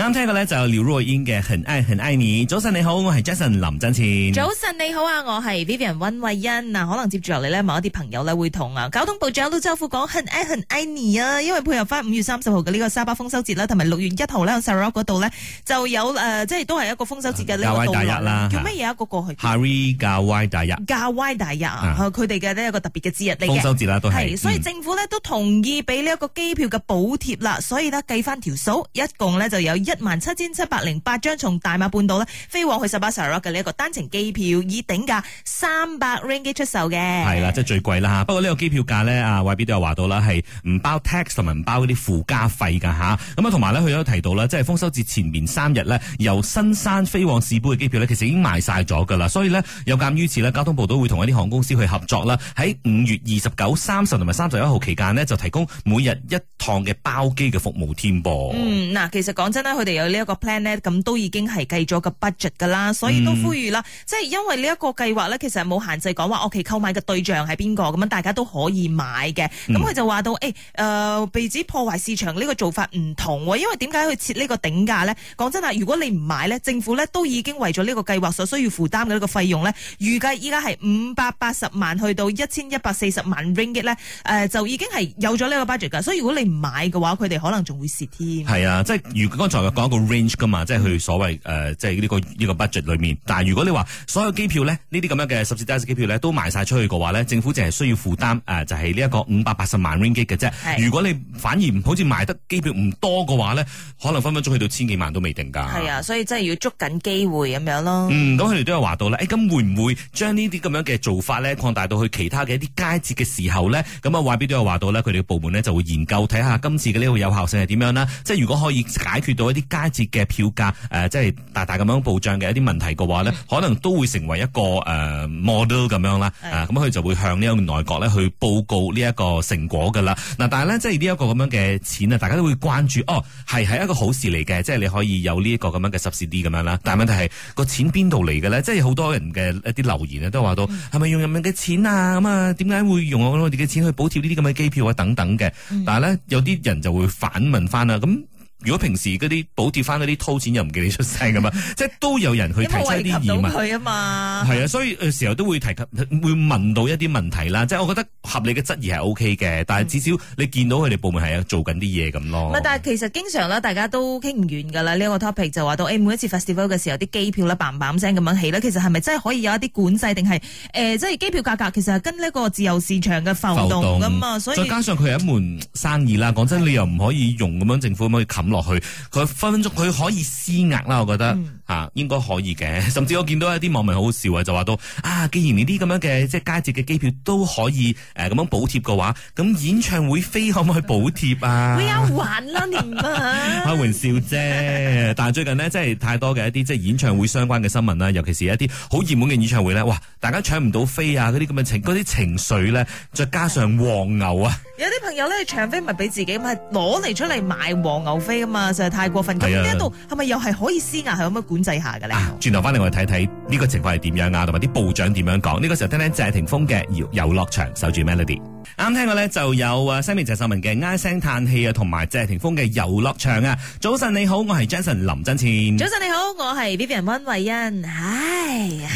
啱聽一個咧就劉若英嘅《很愛很愛你》。早晨你好，我係 Jason 林振前。早晨你好啊，我係 Vivian 溫慧欣。嗱，可能接住落嚟呢，某一啲朋友咧會同啊。交通部長都周父講《很愛很愛你》啊，因為配合翻五月三十號嘅呢個沙巴豐收節啦，同埋六月一號呢，Sarawak 嗰度呢就有誒、呃，即係都係一個豐收節嘅呢、這個。教歪大日啦，叫乜嘢、啊、一個過去？Hari 教歪大日，教歪大日啊！佢哋嘅呢一個特別嘅節日嚟豐收節啦，都係。所以政府呢，都同意俾呢一個機票嘅補貼啦，所以呢，計翻條數，打一共呢就有一萬七千七,七百零八張從大馬半島呢飛往去十八歲嘅呢一個單程機票，以頂價三百 ringgit 出售嘅，係啦，即係最貴啦吓。不過呢個機票價呢，啊 YB 都有話到啦，係唔包 tax 同埋唔包嗰啲附加費噶吓。咁啊，同埋呢，佢都提到咧，即係豐收節前面三日呢，由新山飛往市杯嘅機票呢，其實已經賣晒咗噶啦。所以呢，有鑒於此呢，交通部都會同一啲航空公司去合作啦，喺五月二十九、三十同埋三十一號期間呢，就提供每日一趟嘅包機嘅服務添噃。嗯，嗱，其實講真呢。佢哋有呢一個 plan 咧，咁都已經係計咗個 budget 噶啦，所以都呼籲啦、嗯。即係因為呢一個計劃咧，其實冇限制講話屋企購買嘅對象係邊個咁樣，大家都可以買嘅。咁、嗯、佢就話到，誒、欸，誒、呃，被指破壞市場呢個做法唔同，因為點解佢設呢個頂價咧？講真啦，如果你唔買咧，政府咧都已經為咗呢個計劃所需要負擔嘅呢個費用咧，預計依家係五百八十萬去到一千一百四十萬 ringgit 咧，誒，就已經係有咗呢個 budget 噶。所以如果你唔買嘅話，佢哋可能仲會蝕添。係啊，即係如剛講一個 range 噶嘛，即係去所謂誒、呃，即係、這、呢個呢、這個 budget 裏面。但係如果你話所有機票咧，呢啲咁樣嘅十至百蚊機票咧，都賣晒出去嘅話咧，政府淨係需要負擔誒，就係呢一個五百八十萬 ringgit 嘅啫。如果你反而唔好似賣得機票唔多嘅話咧，可能分分鐘去到千幾萬都未定㗎。係啊，所以真係要捉緊機會咁樣咯。嗯，咁佢哋都有話到啦。誒，咁會唔會將呢啲咁樣嘅做法咧，擴大到去其他嘅一啲佳節嘅時候咧？咁啊，外邊都有話到咧，佢哋嘅部門咧就會研究睇下今次嘅呢個有效性係點樣啦。即係如果可以解決到一啲。階節嘅票價誒、呃，即係大大咁樣暴漲嘅一啲問題嘅話咧、嗯，可能都會成為一個誒、呃、model 咁樣啦。咁、嗯、佢、啊、就會向呢個內閣咧去報告呢一個成果噶啦。嗱、啊，但係咧，即係呢一個咁樣嘅錢啊，大家都會關注。哦，係係一個好事嚟嘅，即係你可以有呢一個咁樣嘅 subsidy 咁樣啦、嗯。但係問題係個錢邊度嚟嘅咧？即係好多人嘅一啲留言都話到係咪、嗯、用人民嘅錢啊？咁啊，點解會用我哋嘅錢去補貼呢啲咁嘅機票啊？等等嘅。但係咧，有啲人就會反問翻啦，咁、嗯。如果平時嗰啲補貼翻嗰啲掏錢又唔見你出聲咁嘛， 即係都有人去提出啲疑問。因為我提及到佢啊嘛，係啊，所以嘅時候都會提及會問到一啲問題啦。 即係我覺得合理嘅質疑係 O K 嘅，但係至少你見到佢哋部門係做緊啲嘢咁咯。但係其實經常啦，大家都傾唔完㗎啦。呢一個 topic 就話到每一次發市嘅時候，啲機票咧 bang bang 聲咁樣起咧，其實係咪真係可以有一啲管制定係誒？即係機票價格其實係跟呢個自由市場嘅浮動㗎嘛動所以，再加上佢係一門生意啦。講真，你又唔可以用咁樣政府可以冚落去，佢分分鐘，佢可以施壓啦。我覺得。嗯啊，應該可以嘅。甚至我見到一啲網民好好笑啊，就話到啊，既然呢啲咁樣嘅即係佳節嘅機票都可以誒咁、呃、樣補貼嘅話，咁演唱會飛可唔可以補貼啊？會有玩啦，連 啊開玩笑啫。 但係最近呢，真係太多嘅一啲即係演唱會相關嘅新聞啦，尤其是一啲好熱門嘅演唱會咧，哇！大家搶唔到飛啊，嗰啲咁嘅情，嗰啲情緒咧，再加上黃牛啊，有啲朋友咧搶飛咪俾自己咪攞嚟出嚟賣黃牛飛啊嘛，實在太過分。咁呢一度係咪又係可以施壓，係有乜管？控制下嘅咧，轉頭翻嚟，我哋睇睇呢個情況係點樣啊，同埋啲部長點樣講？呢、這個時候聽聽謝霆鋒嘅《遊遊樂場》，守住 Melody。啱聽過咧，就有啊，Sammi 鄭秀文嘅《唉聲嘆氣》啊，同埋謝霆鋒嘅《遊樂場》啊。早晨你好，我係 Jason 林真前。早晨你好，我係 Vivian 溫慧欣。哈、啊。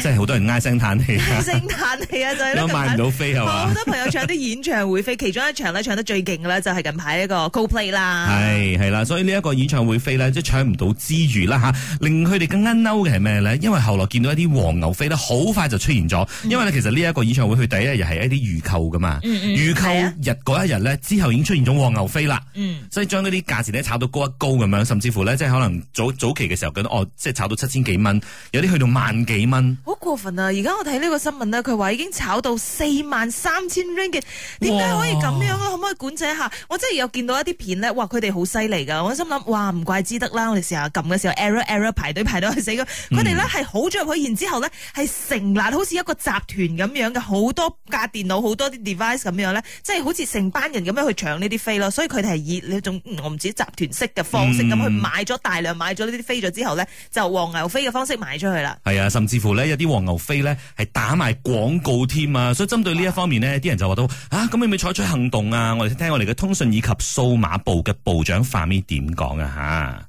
真係好多人唉聲嘆氣，唉聲嘆氣啊！ 就係咯，買唔到飛係嘛？好多朋友唱啲演唱會飛， 其中一場咧唱得最勁嘅咧，就係近排一個 Coldplay 啦。係係啦，所以呢一個演唱會飛咧，即係搶唔到之餘啦吓，令佢哋更加嬲嘅係咩咧？因為後來見到一啲黃牛飛咧，好快就出現咗。因為咧、嗯，其實呢一個演唱會去第一日係一啲預購噶嘛，嗯嗯，預購日嗰一日咧，之後已經出現咗黃牛飛啦、嗯，所以將呢啲價錢咧炒到高一高咁樣，甚至乎咧即係可能早早期嘅時候覺得哦，即、就、係、是、炒到七千幾蚊，有啲去到萬幾。好過分啊！而家我睇呢個新聞呢，佢話已經炒到四萬三千 ringgit，點解可以咁樣啊？可唔可以管制一下？我真係有見到一啲片呢，哇佢哋好犀利噶。我心諗，哇，唔怪之得啦，我哋成日撳嘅時候 error error 排隊排到死、嗯、去死佢哋呢係好中佢，然之後呢係成立好似一個集團咁樣嘅，好多架電腦，好多啲 device 咁樣呢，即係好似成班人咁樣去搶呢啲飛咯。所以佢哋係以呢種、嗯、我唔知集團式嘅方式咁去、嗯、買咗大量買咗呢啲飛咗之後呢，就黃牛飛嘅方式賣出去啦。係啊，甚至。似乎咧有啲黃牛飛咧係打埋廣告添啊，所以針對呢一方面咧，啲人就話到啊，咁你咪採取行動啊！我哋聽聽我哋嘅通訊以及數碼部嘅部長范咪點講啊嚇。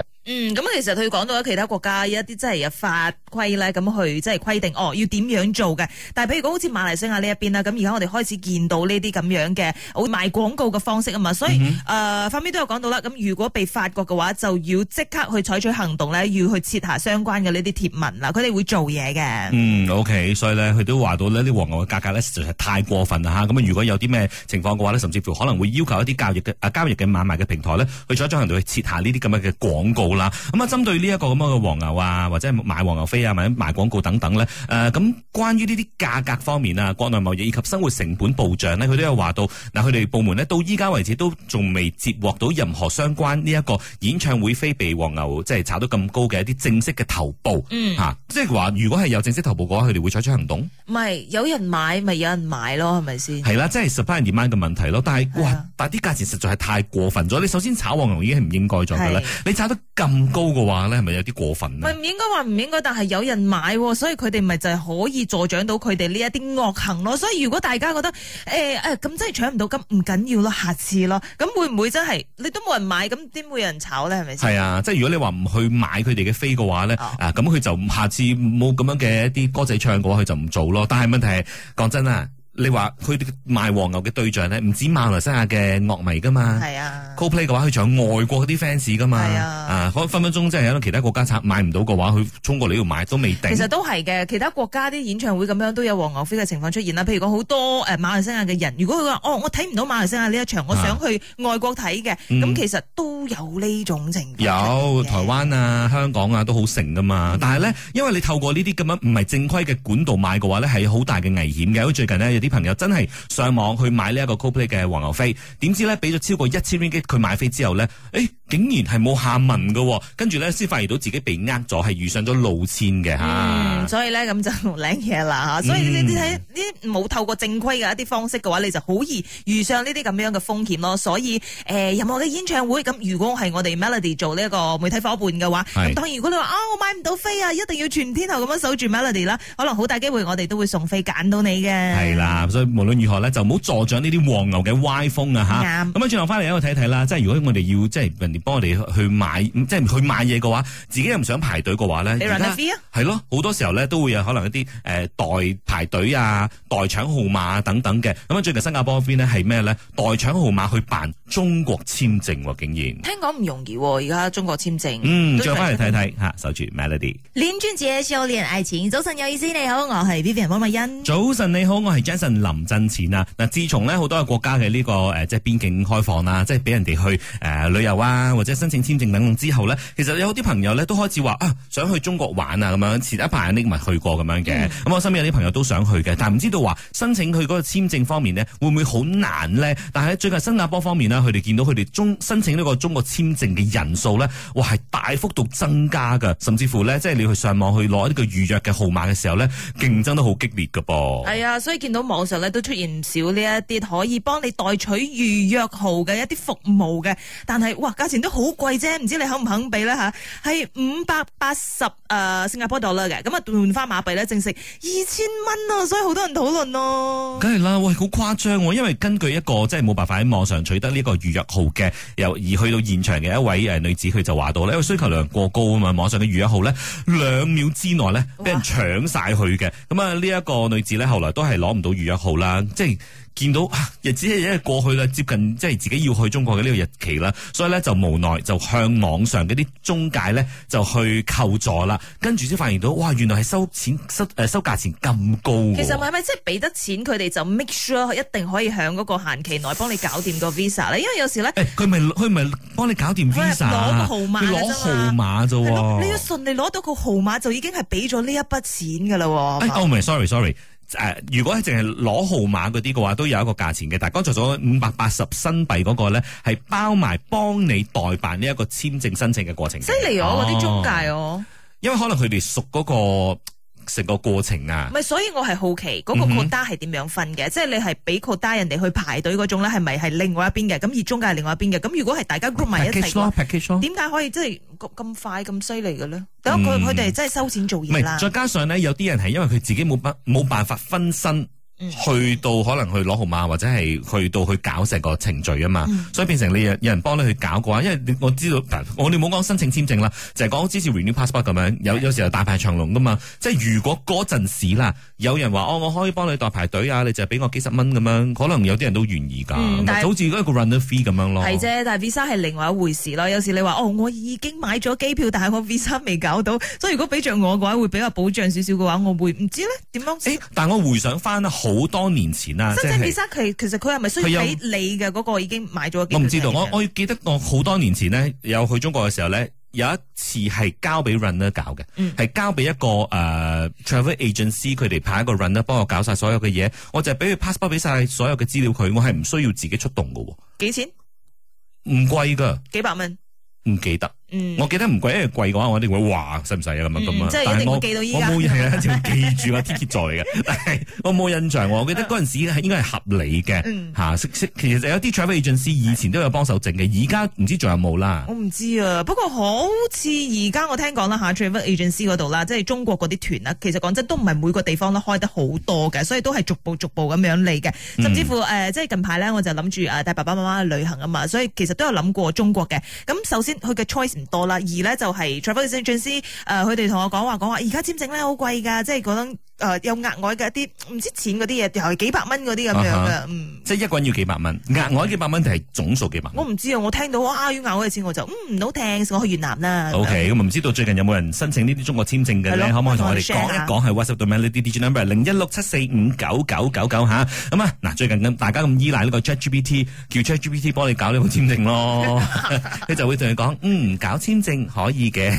其實佢講到其他國家一啲真係有發。規咧，咁去即係規定哦，要點樣做嘅？但係譬如講好似馬來西亞呢一邊啦，咁而家我哋開始見到呢啲咁樣嘅賣廣告嘅方式啊嘛，所以誒，後面都有講到啦。咁如果被發覺嘅話，就要即刻去採取行動咧，要去撤下相關嘅呢啲貼文啦。佢哋會做嘢嘅。嗯，OK，所以咧，佢都話到呢啲黃牛嘅價格咧實在係太過分啦吓。咁如果有啲咩情況嘅話咧，甚至乎可能會要求一啲交易嘅啊，交易嘅買賣嘅平台咧，去做一取行動，去撤下呢啲咁樣嘅廣告啦。咁啊，針對呢一個咁樣嘅黃牛啊，或者係買黃牛飛啊、賣廣告等等咧，誒、呃、咁關於呢啲價格方面啊，國內貿易以及生活成本暴漲咧，佢都有話到，嗱佢哋部門咧到依家為止都仲未接獲到任何相關呢一個演唱會飛畀，畀黃牛即係炒到咁高嘅一啲正式嘅投報，嗯啊、即係話如果係有正式投報嘅話，佢哋會採取行動。唔係有人買咪有人買咯，係咪先？係啦，即係 supply and demand 嘅問題咯。但係哇，但係啲價錢實在係太過分咗。你首先炒黃牛已經係唔應該咗嘅啦，你炒到咁高嘅話咧，係咪有啲過分呢？唔應該話唔應該，但係。有人買，所以佢哋咪就係可以助長到佢哋呢一啲惡行咯。所以如果大家覺得誒咁、欸、真係搶唔到金，咁唔緊要咯，下次咯。咁會唔會真係你都冇人買，咁點會有人炒咧？係咪先？係啊，即係如果你話唔去買佢哋嘅飛嘅話咧、哦，啊咁佢就下次冇咁樣嘅一啲歌仔唱嘅話，佢就唔做咯。但係問題係講真啊。你話佢賣黃牛嘅對象咧，唔止馬來西亞嘅樂迷噶嘛？係啊。Coldplay 嘅話，佢搶外國嗰啲 fans 噶嘛？係啊。啊，啊分分鐘即係喺其他國家趁買唔到嘅話，佢衝過你度買都未定。其實都係嘅，其他國家啲演唱會咁樣都有黃牛飛嘅情況出現啦。譬如講好多誒、呃、馬來西亞嘅人，如果佢話哦，我睇唔到馬來西亞呢一場、啊，我想去外國睇嘅，咁、嗯、其實都有呢種情況，有台灣啊、香港啊都好盛噶嘛。嗯、但係咧，因為你透過呢啲咁樣唔係正規嘅管道買嘅話咧，係好大嘅危險嘅。最近呢。啲朋友真係上網去買呢一個 Coldplay 嘅黃牛飛，點知咧，俾咗超過一千蚊機，佢買飛之後咧，誒、欸。竟然係冇下文喎。跟住咧先發現到自己被呃咗，係遇上咗路線嘅，所以咧咁就靚嘢啦。所以你睇呢啲冇透過正規嘅一啲方式嘅話，你就好易遇上呢啲咁樣嘅風險咯。所以誒、呃，任何嘅演唱會咁，如果係我哋 Melody 做呢一個媒體伙伴嘅話，咁當然如果你話啊，我買唔到飛啊，一定要全天候咁樣守住 Melody 啦。可能好大機會我哋都會送飛揀到你嘅。係啦，所以無論如何咧，就唔好助長呢啲黃牛嘅歪風啊。咁啊，轉頭翻嚟呢度睇睇啦，即係如果我哋要即幫我哋去買，即係去買嘢嘅話，自己又唔想排隊嘅話咧，而家係咯，好多時候咧都會有可能一啲誒代排隊啊、代搶號碼、啊、等等嘅。咁、嗯、啊，最近新加坡嗰邊咧係咩咧？代搶號碼去辦中國簽證、啊，竟然聽講唔容易、啊。而家中國簽證，嗯，再翻嚟睇睇吓，守住 Melody。戀專少練情少年人愛錢，早晨有意思，你好，我係 Vivian 溫美欣。早晨你好，我係 Jason 林振錢啊。嗱，自從咧好多嘅國家嘅呢、這個誒，即、呃、係邊境開放啊，即係俾人哋去誒、呃、旅遊啊。或者申請簽證等等之後呢，其實有啲朋友咧都開始話啊，想去中國玩啊咁樣，前一排拎埋去過咁樣嘅。咁、嗯、我身邊有啲朋友都想去嘅，但係唔知道話申請佢嗰個簽證方面呢會唔會好難呢？但係最近新加坡方面呢，佢哋見到佢哋中申請呢個中國簽證嘅人數呢，哇係大幅度增加㗎，甚至乎呢，即係你去上網去攞呢個預約嘅號碼嘅時候呢，競爭都好激烈㗎噃。係、哎、啊，所以見到網上呢都出現唔少呢一啲可以幫你代取預約號嘅一啲服務嘅，但係哇，加上。都好貴啫，唔知你肯唔肯俾咧？吓？係五百八十誒，新加坡度啦嘅，咁啊換翻馬幣咧，正式二千蚊啊，所以好多人討論咯。梗係啦，喂，好誇張，因為根據一個即係冇辦法喺網上取得呢個預約號嘅，由而去到現場嘅一位誒女子，佢就話到咧，因為需求量過高啊嘛，網上嘅預約號咧兩秒之內咧俾人搶晒去嘅，咁啊呢一個女子咧後來都係攞唔到預約號啦，即係。見到、啊、日子一日子過去啦，接近即係自己要去中國嘅呢個日期啦，所以咧就無奈就向網上嘅啲中介咧就去求助啦，跟住先發現到哇，原來係收錢收誒、呃、收價錢咁高，啊。其實係咪即係俾得錢佢哋就 make sure 一定可以響嗰個限期內幫你搞掂個 visa 咧？因為有時咧，誒、欸，佢咪佢咪幫你搞掂 visa？攞個號碼你攞，啊、號碼啫喎，啊。你要順利攞到個號碼就已經係俾咗呢一筆錢噶啦，啊。哦、哎，唔係，sorry，sorry。誒，如果淨係攞號碼嗰啲嘅話，都有一個價錢嘅。但係剛才咗五百八十新幣嗰個咧，係包埋幫你代辦呢一個簽證申請嘅過程。犀利哦！嗰啲中介哦，因為可能佢哋熟嗰個。成個過程啊，唔係，所以我係好奇嗰、那個 quota 係點樣分嘅？Mm -hmm. 即係你係俾 quota 人哋去排隊嗰種咧，係咪係另外一邊嘅？咁而中介係另外一邊嘅？咁如果係大家 group 埋一齊，package 咯，package 咯，點解 Mm-hmm. 可以即係咁快咁犀利嘅咧？等佢佢哋真係收錢做嘢啦。唔係，再加上咧，有啲人係因為佢自己冇乜冇辦法分身。去到可能去攞號碼或者係去到去搞成個程序啊嘛、嗯，所以變成你有人幫你去搞嘅話，因為我知道，我哋冇講申請簽證啦，就係講支持 renew passport 咁樣，有有時候大排長龍噶嘛。即係如果嗰陣時啦，有人話哦，我可以幫你代排隊啊，你就俾我幾十蚊咁樣，可能有啲人都願意㗎、嗯，就好似一個 runner fee 咁樣咯。係啫，但係 visa 係另外一回事咯。有時你話哦，我已經買咗機票，但係我 visa 未搞到，所以如果俾着我嘅話，會比較保障少少嘅話，我會唔知咧點樣。誒、欸，但我回想翻好多年前啦，Pisa, 即係。其實佢係咪需要俾你嘅嗰個已經買咗？我唔知道。我我記得我好多年前咧有去中國嘅時候咧，有一次係交俾 runner 搞嘅，係、嗯、交俾一個誒 travel agency，佢哋派一個 runner 幫我搞晒所有嘅嘢。我就係俾佢 passport 俾晒所有嘅資料佢，我係唔需要自己出動喎。幾錢？唔貴噶。幾百蚊？唔記得。嗯、我記得唔貴，因為貴嘅話我一定會話，使唔使啊？咁啊咁係即係我一定會記到依家，我冇印象，我記住個天蠍座嚟嘅，我冇印象。我記得嗰陣時係應該係合理嘅，吓、嗯，其實有啲 travel agency 以前都有幫手整嘅，而家唔知仲有冇啦，嗯。我唔知啊，不過好似而家我聽講啦吓，travel agency 嗰度啦，即係中國嗰啲團啊，其實講真都唔係每個地方都開得好多嘅，所以都係逐步逐步咁樣嚟嘅。甚至乎誒，即、呃、係近排咧，我就諗住啊，帶爸爸媽媽去旅行啊嘛，所以其實都有諗過中國嘅。咁首先佢嘅 choice。多啦，而咧就係、是呃，Travel Agency 誒，佢哋同我講話，講話而家簽證咧好貴㗎，即係嗰種。誒、呃、有額外嘅一啲唔知錢嗰啲嘢，定係幾百蚊嗰啲咁樣嘅、uh -huh. 嗯，即係一個人要幾百蚊，額外幾百蚊定係總數幾百蚊？我唔知啊，我聽到哇要、啊、額外嘅錢，我就唔好聽，嗯、thanks, 我去越南啦。OK，咁、嗯、唔、嗯、知道最近有冇人申請呢啲中國簽證嘅咧，可唔可以同我哋講一講 melody, number,、啊？係 WhatsApp 對面呢啲 digital number 零一六七四五九九九九吓，咁啊嗱！最近大家咁依賴呢個 ChatGPT，叫 ChatGPT 幫你搞呢個簽證咯，佢 就會同你講嗯搞簽證可以嘅，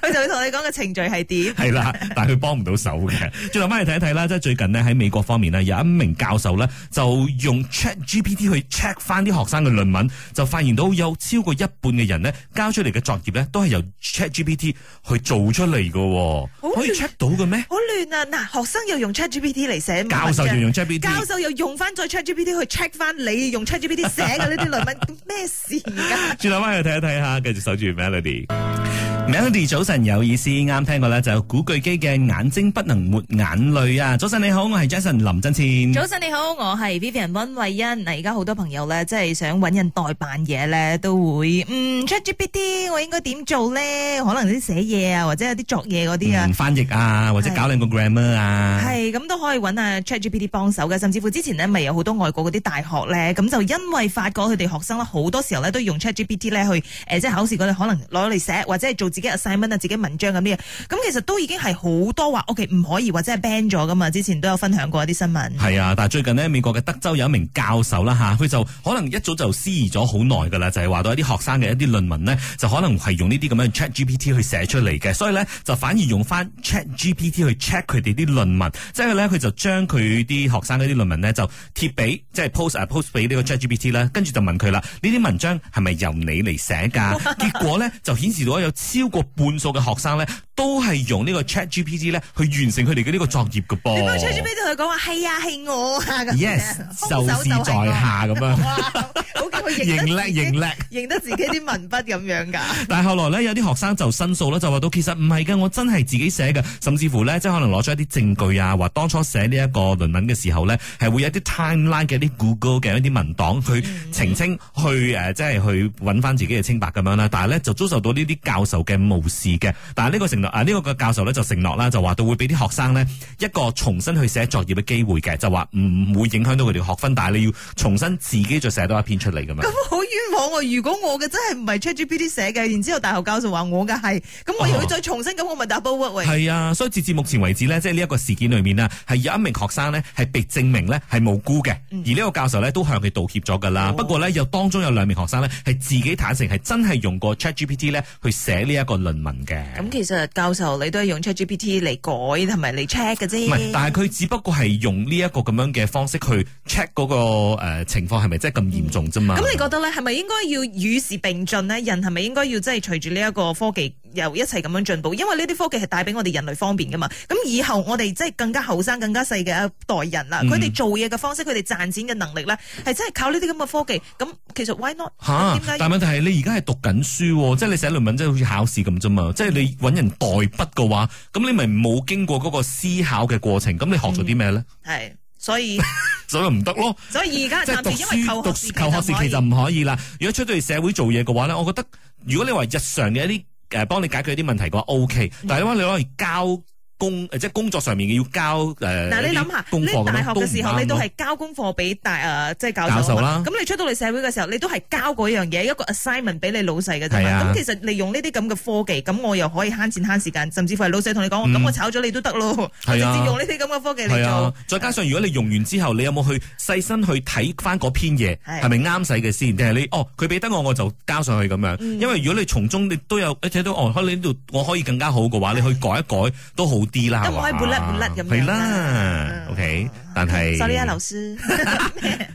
佢 就會同你講個程序係點？係 啦，但係佢幫唔到手嘅。轉頭翻嚟睇一睇啦，即係最近呢喺美國方面有一名教授咧就用 Chat GPT 去 check 翻啲學生嘅論文，就發現到有超過一半嘅人咧交出嚟嘅作業咧都係由 Chat GPT 去做出嚟喎。可以 check 到嘅咩？好亂啊！嗱、啊，學生又用 Chat GPT 嚟寫文文，教授又用 Chat GPT，教授又用翻再 Chat GPT 去 check 翻你用 Chat GPT 寫嘅呢啲論文，咩 事而、啊、家？轉頭翻去睇一睇下，繼續守住 Melody。明兄弟早晨，有意思，啱聽過咧，就古巨基嘅眼睛不能抹眼淚啊！早晨你好，我係 Jason 林振千。早晨你好，我係 Vivian 温慧欣。嗱，而家好多朋友咧，即係想揾人代辦嘢咧，都會嗯 ChatGPT，我應該點做咧？可能啲寫嘢啊，或者有啲作嘢嗰啲啊，翻譯啊，或者,、嗯啊、 或者搞兩個 grammar 啊，係咁都可以揾下 ChatGPT 幫手嘅。甚至乎之前呢，咪有好多外國嗰啲大學咧，咁就因為發覺佢哋學生好多時候都用 ChatGPT 咧去誒，即係考試嗰啲可能攞嚟寫或者係做。自己 assignment 啊，自己文章咁啲嘢，咁其實都已經係好多話，OK 唔可以或者係 ban 咗噶嘛？之前都有分享過一啲新聞。係啊，但最近呢，美國嘅德州有一名教授啦，佢、啊、就可能一早就思疑咗好耐噶啦，就係話到一啲學生嘅一啲論文呢，就可能係用呢啲咁樣 Chat GPT 去寫出嚟嘅，所以呢，就反而用翻 Chat GPT 去 check 佢哋啲論文，即、就、係、是、呢，佢就將佢啲學生嗰啲論文呢，就貼俾，即、就、係、是、post post 俾呢個 Chat GPT 啦，跟住就問佢啦，呢啲文章係咪由你嚟寫㗎？ 結果呢，就顯示到有超過半數嘅學生咧。都係用呢個 Chat GPT 咧去完成佢哋嘅呢個作業嘅噃。你幫 Chat GPT 同佢講話係啊係我啊。Yes，就是事在下咁樣。哇，好佢認叻認叻認得自己啲文筆咁樣㗎。但係後來咧，有啲學生就申訴啦，就話到其實唔係嘅，我真係自己寫嘅，甚至乎咧，即係可能攞咗一啲證據啊，話當初寫呢一個論文嘅時候咧，係會有一啲 timeline 嘅啲 Google 嘅一啲文檔去澄清，嗯、去誒、啊、即係去揾翻自己嘅清白咁樣啦。但係咧，就遭受到呢啲教授嘅無視嘅。但係呢個成立。啊！呢、呢個嘅教授咧就承諾啦，就話到會俾啲學生呢一個重新去寫作業嘅機會嘅，就話唔會影響到佢哋學學分，但係你要重新自己再寫多一篇出嚟㗎嘛。咁、嗯、好冤枉喎、啊！如果我嘅真係唔係 ChatGPT 寫嘅，然之後大學教授話我嘅係，咁我又要再重新，咁、哦、我咪 double work 嚟。係啊，所以至至目前為止呢，即係呢一個事件裏面啊，係有一名學生呢係被證明呢係無辜嘅、嗯，而呢個教授呢都向佢道歉咗㗎啦。不過呢，有當中有兩名學生呢係自己坦承係真係用過 ChatGPT 呢去寫呢一個論文嘅。咁、嗯、其實教授，你都係用 ChatGPT 嚟改，同埋嚟 check 嘅啫。唔係，但係佢只不過係用呢一個咁樣嘅方式去 check 嗰、那個誒、呃、情況係咪真係咁嚴重啫嘛？咁、嗯、你覺得咧，係、嗯、咪應該要與時並進咧？人係咪應該要即係隨住呢一個科技？又一齊咁樣進步，因為呢啲科技係帶俾我哋人類方便㗎嘛。咁以後我哋即係更加後生、更加細嘅一代人啦。佢、嗯、哋做嘢嘅方式，佢哋賺錢嘅能力咧，係真係靠呢啲咁嘅科技。咁其實 why not、啊、但問題係你而家係讀緊書，即係你寫論文，即係好似考試咁啫嘛。即係你揾人代筆嘅話，咁你咪冇經過嗰個思考嘅過程。咁你學咗啲咩咧？係、嗯，所以所以唔得咯。所以而家讀書讀求學時其實唔可以啦。如果出到嚟社會做嘢嘅話咧，我覺得如果你話日常嘅一啲。誒幫你解決一啲問題嘅話，OK。Okay, 但係你話你可以交。工即係工作上面嘅要交誒，嗱、呃、你諗下，你大學嘅時候都你都係交功課俾大誒，即、就、係、是、教授啦。咁你出到嚟社會嘅時候，你都係交嗰樣嘢一個 assignment 俾你老細嘅啫嘛。咁、啊、其實利用呢啲咁嘅科技，咁我又可以慳錢慳時間，甚至乎係老細同你講，咁、嗯、我炒咗你都得咯。直接、啊、用呢啲咁嘅科技嚟做、啊。再加上如果你用完之後，你有冇去細心去睇翻嗰篇嘢，係咪啱使嘅先？定係你哦？佢俾得我，我就交上去咁樣。因為如果你從中你都有睇到哦，你呢度我可以更加好嘅話，你去改一改、啊、都好。啲啦，嚇、啊，係啦，OK、啊。Okay, 但係，做呢個老師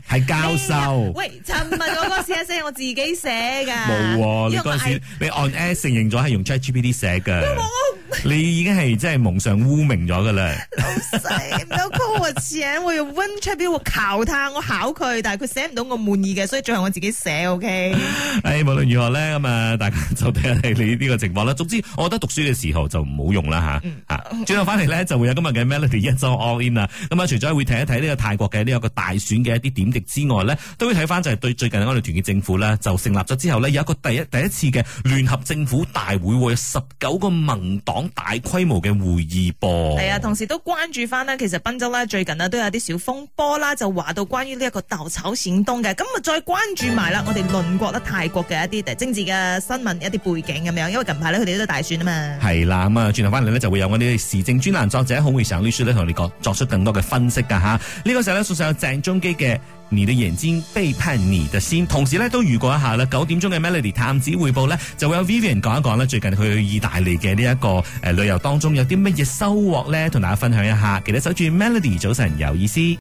係 教授、哎。喂，尋日我嗰寫寫係我自己寫噶，冇、 啊。你嗰時你按 S 承認咗係用 ChatGPT 寫都冇。 你已經係真係蒙上污名咗噶啦。老細， 我 c a l 我寫，我用 WinChat 錶我考他，我考佢，但係佢寫唔到我滿意嘅，所以最後我自己寫。O K。誒，無論如何咧，咁啊，大家就睇下你呢個情況啦。總之，我覺得讀書嘅時候就唔好用啦吓吓。轉頭翻嚟咧，啊嗯、就會有今日嘅 Melody 一、okay. 週 All In 啦。咁啊，除咗會。睇一睇呢個泰國嘅呢一個大選嘅一啲點滴之外呢，都會睇翻就係對最近我哋團結政府呢就成立咗之後呢，有一個第一第一次嘅聯合政府大會，有十九個盟黨大規模嘅會議噃。係啊，同時都關注翻呢。其實賓州呢最近，最近呢都有啲小風波啦，就話到關於呢一個豆炒閃東嘅，咁啊再關注埋啦，我哋鄰國啦，泰國嘅一啲政治嘅新聞一啲背景咁樣，因為近排咧佢哋都大選啊嘛。係啦、啊，咁啊轉頭翻嚟呢，就會有我哋時政專欄作者孔維祥律師咧同你講，作出更多嘅分析㗎。吓、啊、呢、這個時候咧，送上有鄭中基嘅《你的眼睛背叛你的心》。同時咧都預過一下啦。九點鐘嘅 Melody 探子匯報呢，就會有 Vivian 講一講呢最近去意大利嘅呢一個誒旅遊當中有啲乜嘢收穫呢？同大家分享一下。記得守住 Melody，早晨有意思。